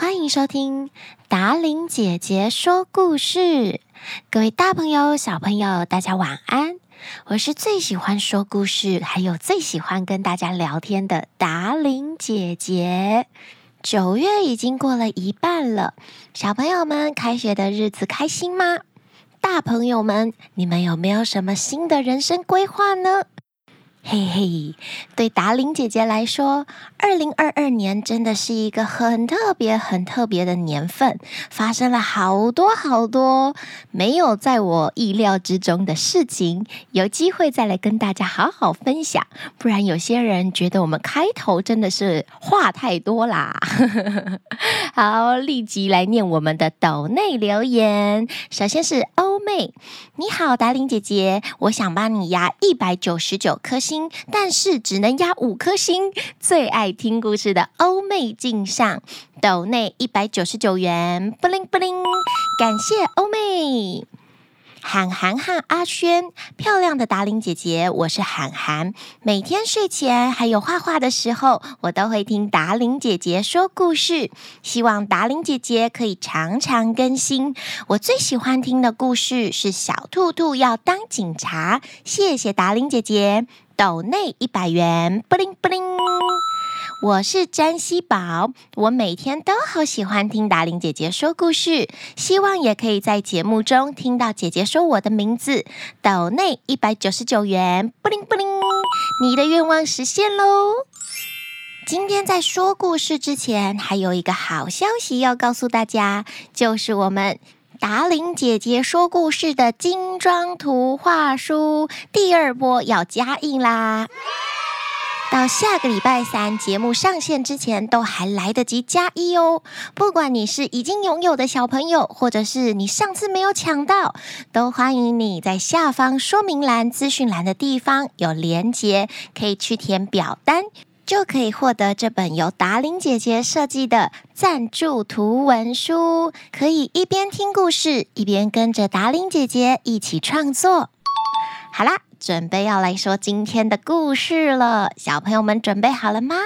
歡迎收聽達伶姐姐說故事，各位大朋友、小朋友，大家晚安！我是最喜歡說故事，還有最喜歡跟大家聊天的達伶姐姐。九月已經過了一半了，小朋友們開學的日子開心嗎？大朋友們，你們有沒有什麼新的人生規劃呢？嘿嘿，hey hey, 對達伶姐姐來說，二零二二年真的是一個很特別、很特別的年份，發生了好多好多沒有在我意料之中的事情，有機會再來跟大家好好分享，不然有些人覺得我們開頭真的是話太多啦。 好，立即來念我們的抖內留言，首先是歐妹，你好，達伶姐姐，我想幫你壓一百九十九顆星。但是只能壓五顆星。最愛聽故事的歐妹鏡像抖內一百九十九元，布靈布靈。感謝歐妹。喊喊和阿軒，漂亮的達伶姐姐，我是涵涵。每天睡前還有畫畫的時候，我都會聽達伶姐姐說故事。希望達伶姐姐可以常常更新。我最喜歡聽的故事是小兔兔要當警察。謝謝達伶姐姐，抖內一百元，布靈布靈。我是詹西寶，我每天都好喜歡聽達伶姐姐說故事，希望也可以在節目中聽到姐姐說我的名字。抖內一百九十九元，布靈布靈，你的願望實現咯！今天在說故事之前，還有一個好消息要告訴大家，就是我們達伶姐姐說故事的精裝圖畫書，第二波要加印啦！到下個禮拜三節目上線之前，都還來得及加一哦！不管你是已經擁有的小朋友，或者是你上次沒有搶到，都歡迎你在下方說明欄、資訊欄的地方有連結，可以去填表單，就可以獲得這本由達伶姐姐設計的贊助圖文書，可以一邊聽故事，一邊跟着達伶姐姐一起創作。好啦。準備要來說今天的故事了，小朋友們準備好了嗎？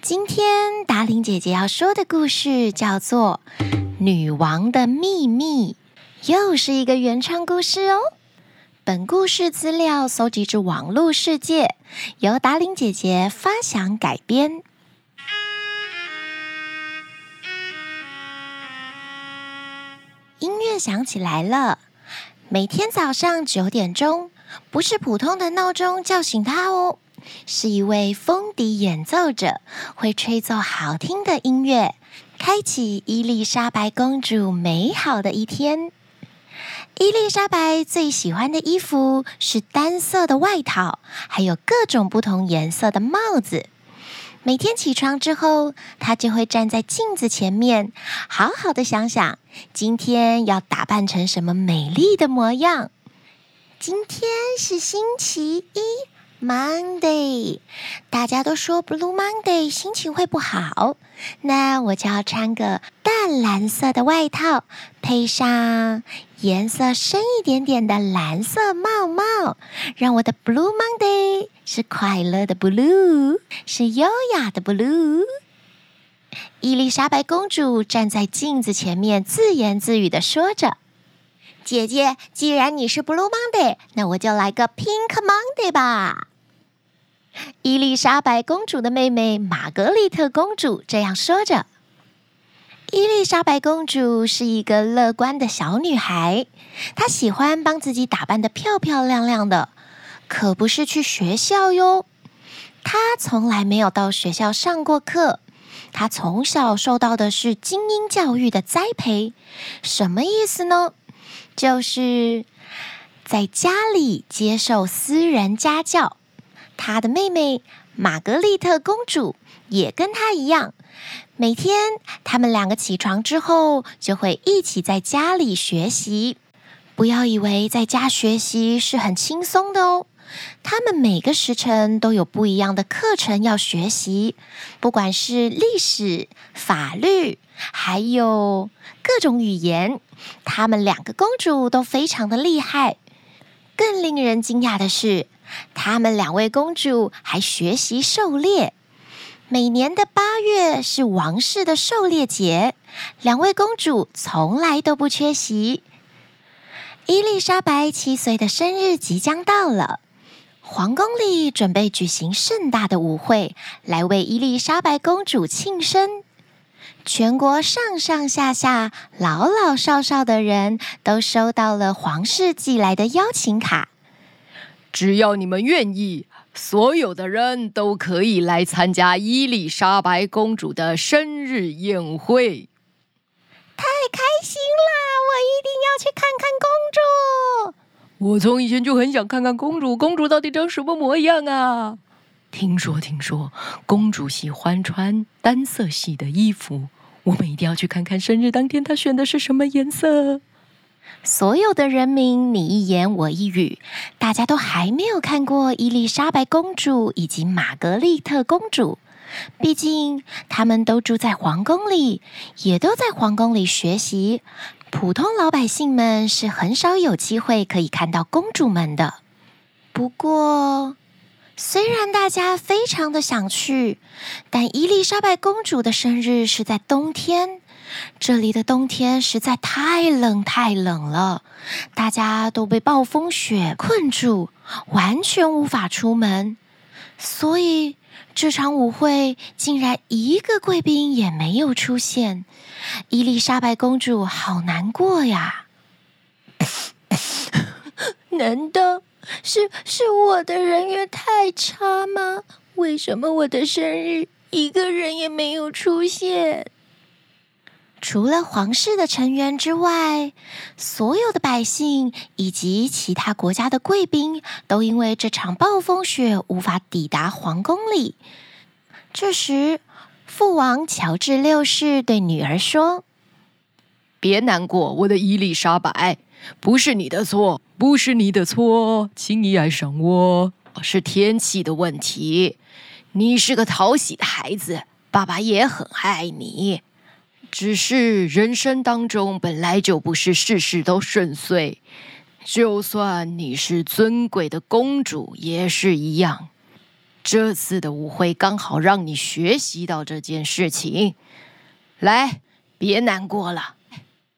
今天達伶姐姐要說的故事叫做《女王的秘密》，又是一個原創故事哦。本故事資料搜集自網絡世界，由達伶姐姐發想改編。音樂響起來了，每天早上九點鐘。不是普通的鬧鐘叫醒她哦，是一位風笛演奏者，會吹奏好聽的音樂，開啟伊麗莎白公主美好的一天。伊麗莎白最喜歡的衣服是單色的外套，還有各種不同顏色的帽子。每天起床之後，她就會站在鏡子前面，好好的想想今天要打扮成什麼美麗的模樣。今天是星期一，Monday。大家都說 Blue Monday 心情會不好，那我就要穿個淡藍色的外套，配上顏色深一點點的藍色帽帽，讓我的 Blue Monday 是快樂的 Blue，是優雅的 Blue。伊麗莎白公主站在鏡子前面，自言自語地說着。姐姐，既然你是 Blue Monday，那我就來個 Pink Monday 吧。伊麗莎白公主的妹妹瑪格麗特公主這樣說着。伊麗莎白公主是一個樂觀的小女孩，她喜歡幫自己打扮得漂漂亮亮的，可不是去學校喲。她從來沒有到學校上過課，她從小受到的是精英教育的栽培，什麼意思呢？就是在家裡接受私人家教，他的妹妹瑪格麗特公主也跟她一樣，每天他們兩個起床之後就會一起在家裡學習。不要以為在家學習是很輕鬆的哦。他們每個時辰都有不一樣的課程要學習，不管是歷史、法律，還有各種語言。他們兩個公主都非常的厲害。更令人驚訝的是，他們兩位公主還學習狩獵。每年的八月是王室的狩獵節，兩位公主從來都不缺席。伊麗莎白七歲的生日即將到了。皇宮裡準備舉行盛大的舞會，來為伊麗莎白公主慶生。全國上上下下、老老少少的人都收到了皇室寄來的邀請卡。只要你們願意，所有的人都可以來參加伊麗莎白公主的生日宴會。太開心啦！我一定要去看看公主。我從以前就很想看看公主，公主到底長什麼模樣啊！聽說，聽說，公主喜歡穿單色系的衣服，我們一定要去看看生日當天她選的是什麼顏色。所有的人民，你一言我一語，大家都還沒有看過伊麗莎白公主以及瑪格麗特公主，畢竟他們都住在皇宮裡，也都在皇宮裡學習。普通老百姓們是很少有機會可以看到公主們的。不過，雖然大家非常的想去，但伊麗莎白公主的生日是在冬天，這裡的冬天實在太冷太冷了，大家都被暴風雪困住，完全無法出門，所以，這場舞會竟然一個貴賓也沒有出現，伊麗莎白公主好難過呀！難道是是我的人緣太差嗎？為什麼我的生日一個人也沒有出現？除了皇室的成員之外，所有的百姓以及其他國家的貴賓都因為這場暴風雪無法抵達皇宮裡。這時，父王喬治六世對女兒說：“別難過，我的伊麗莎白，不是你的錯，不是你的錯，請你愛上我，是天氣的問題。你是個討喜的孩子，爸爸也很愛你。”只是人生當中本來就不是事事都順遂，就算你是尊貴的公主也是一樣。這次的舞會剛好讓你學習到這件事情。來，別難過了，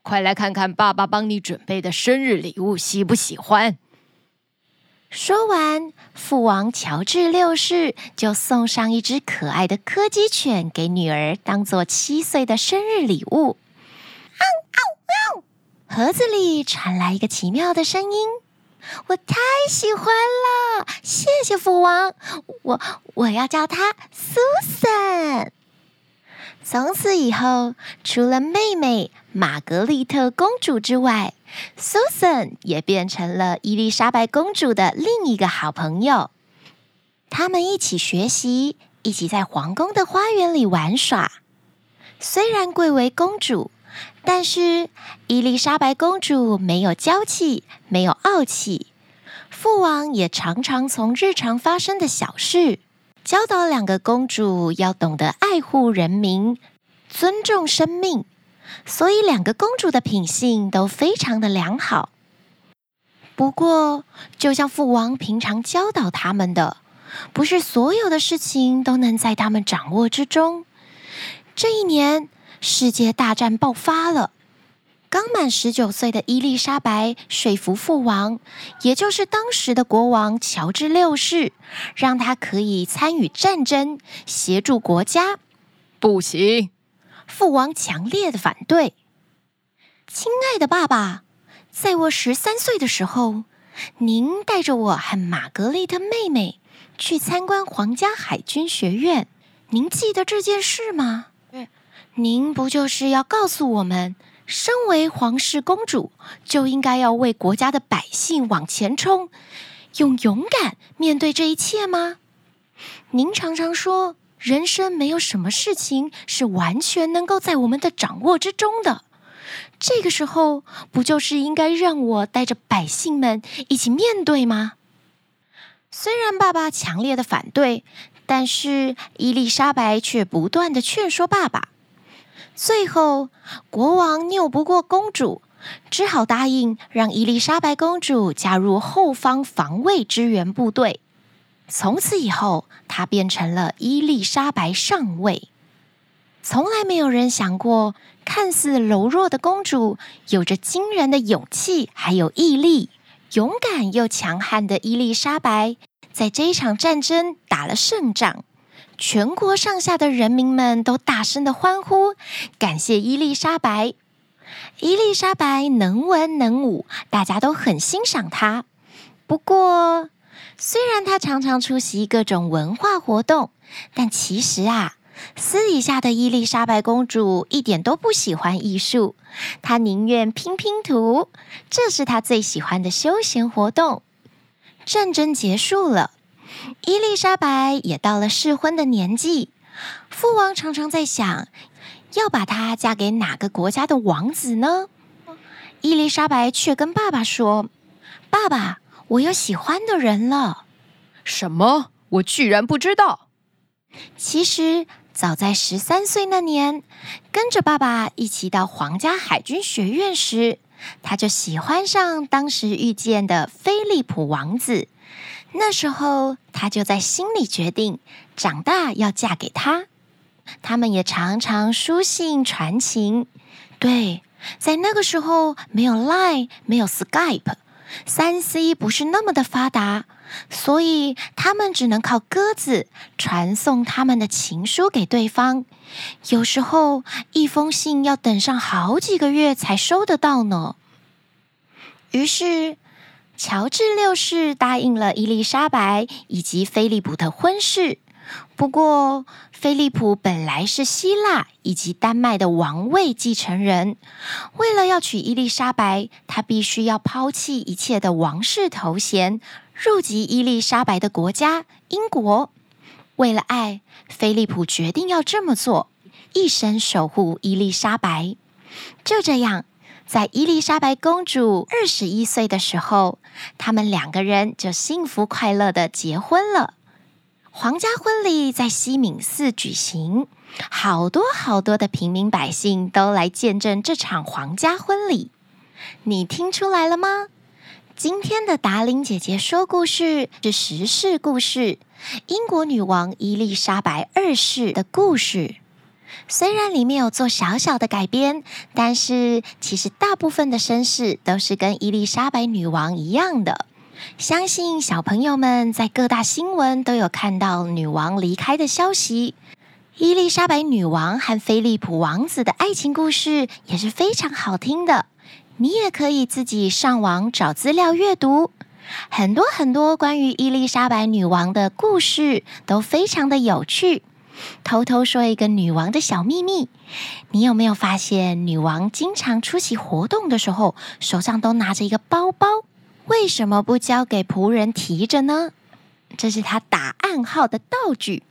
快來看看爸爸幫你準備的生日禮物，喜不喜歡？說完，父王喬治六世就送上一隻可愛的柯基犬給女兒當做七歲的生日禮物。嗷嗷嗷！盒子裡傳來一個奇妙的聲音：“我太喜歡了，謝謝父王！我我要叫她蘇珊。”從此以後，除了妹妹瑪格麗特公主之外。Susan 也變成了伊麗莎白公主的另一個好朋友。他們一起學習，一起在皇宮的花園裡玩耍。雖然貴為公主，但是伊麗莎白公主沒有嬌氣，沒有傲氣。父王也常常從日常發生的小事教導兩個公主要懂得愛護人民，尊重生命。所以，兩個公主的品性都非常的良好。不過，就像父王平常教導他們的，不是所有的事情都能在他們掌握之中。這一年，世界大戰爆發了。剛滿十九歲的伊麗莎白說服父王，也就是當時的國王喬治六世，讓他可以參與戰爭，協助國家。不行。父王強烈的反對。親愛的爸爸，在我十三歲的時候，您帶着我和瑪格麗特妹妹去參觀皇家海軍學院。您記得這件事嗎？對，您不就是要告訴我們，身為皇室公主就應該要為國家的百姓往前衝，用勇敢面對這一切嗎？您常常說。人生沒有什麼事情是完全能夠在我們的掌握之中的。這個時候，不就是應該讓我帶着百姓們一起面對嗎？雖然爸爸強烈的反對，但是伊麗莎白卻不斷的勸說爸爸。最後，國王拗不過公主，只好答應讓伊麗莎白公主加入後方防衛支援部隊。從此以後，她變成了伊麗莎白上尉。從來沒有人想過，看似柔弱的公主有着驚人的勇氣還有毅力。勇敢又強悍的伊麗莎白，在這一場戰爭打了勝仗，全國上下的人民們都大聲的歡呼，感謝伊麗莎白。伊麗莎白能文能武，大家都很欣賞她。不過。雖然她常常出席各種文化活動，但其實啊，私底下的伊麗莎白公主一點都不喜歡藝術，她寧願拼拼拼圖，這是她最喜歡的休閒活動。戰爭結束了，伊麗莎白也到了適婚的年紀，父王常常在想，要把她嫁給哪個國家的王子呢？伊麗莎白卻跟爸爸說：“爸爸。”我有喜歡的人了。什麼？我居然不知道。其實早在十三歲那年，跟着爸爸一起到皇家海軍學院時，他就喜歡上當時遇見的菲利普王子。那時候，他就在心裡決定長大要嫁給他。他們也常常書信傳情。對，在那個時候，沒有 Line，沒有 Skype。3C 不是那麼的發達，所以他們只能靠鴿子傳送他們的情書給對方。有時候一封信要等上好幾個月才收得到呢。於是，喬治六世答應了伊麗莎白以及菲利普的婚事。不過，菲利普本來是希臘以及丹麥的王位繼承人。為了要娶伊麗莎白，他必須要拋棄一切的王室頭銜，入籍伊麗莎白的國家——英國。為了愛，菲利普決定要這麼做，一生守護伊麗莎白。就這樣，在伊麗莎白公主二十一歲的時候，他們兩個人就幸福快樂地結婚了。皇家婚禮在西敏寺舉行，好多好多的平民百姓都來見證這場皇家婚禮。你聽出來了嗎？今天的達伶姐姐說故事是時事故事，英國女王伊麗莎白二世的故事。雖然裡面有做小小的改編，但是其實大部分的身世都是跟伊麗莎白女王一樣的。相信小朋友們在各大新聞都有看到女王離開的消息。伊麗莎白女王和菲利普王子的愛情故事也是非常好聽的，你也可以自己上網找資料閱讀。很多很多關於伊麗莎白女王的故事都非常的有趣。偷偷說一個女王的小秘密，你有沒有發現女王經常出席活動的時候，手上都拿着一個包包？為什麼不交給僕人提着呢？這是他打暗號的道具。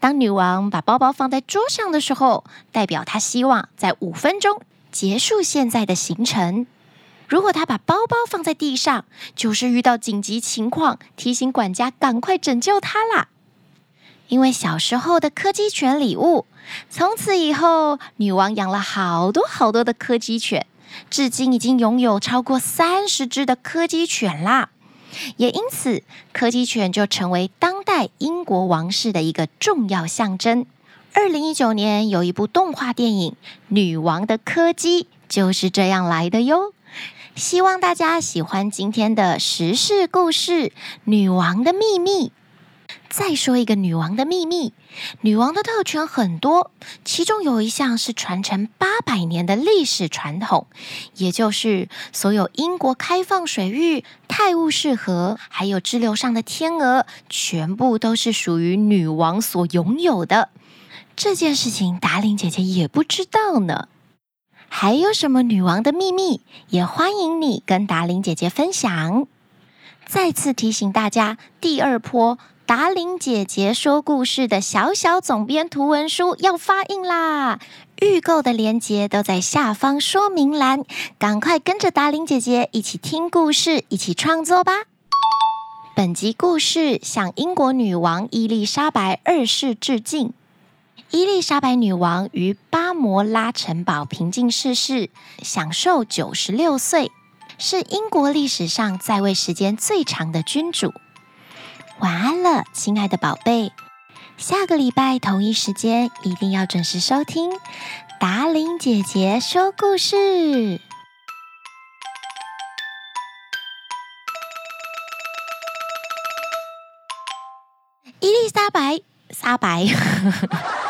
當女王把包包放在桌上的時候，代表她希望在五分鐘結束現在的行程。如果她把包包放在地上，就是遇到緊急情況，提醒管家趕快拯救她啦。因為小時候的柯基犬禮物，從此以後女王養了好多好多的柯基犬。至今已經擁有超過三十隻的柯基犬啦，也因此，柯基犬就成為當代英國王室的一個重要象徵。二零一九年有一部動畫電影《女王的柯基》就是這樣來的喲。希望大家喜歡今天的時事故事《女王的秘密》。再說一個女王的秘密，女王的特權很多，其中有一項是傳承八百年的歷史傳統，也就是所有英國開放水域泰晤士河、還有支流上的天鵝，全部都是屬於女王所擁有的。這件事情達伶姐姐也不知道呢。還有什麼女王的秘密，也歡迎你跟達伶姐姐分享。再次提醒大家，第二波。達伶姐姐說故事的小小總編圖文書要發印啦！預購的鏈接都在下方說明欄，趕快跟着達伶姐姐一起聽故事，一起創作吧。本集故事向英國女王伊麗莎白二世致敬。伊麗莎白女王於巴摩拉城堡平靜逝世，世，享壽九十六歲，是英國歷史上在位時間最長的君主。晚安了，親愛的寶貝。下個禮拜同一時間一定要準時收聽達伶姐姐說故事。伊麗莎白，莎白。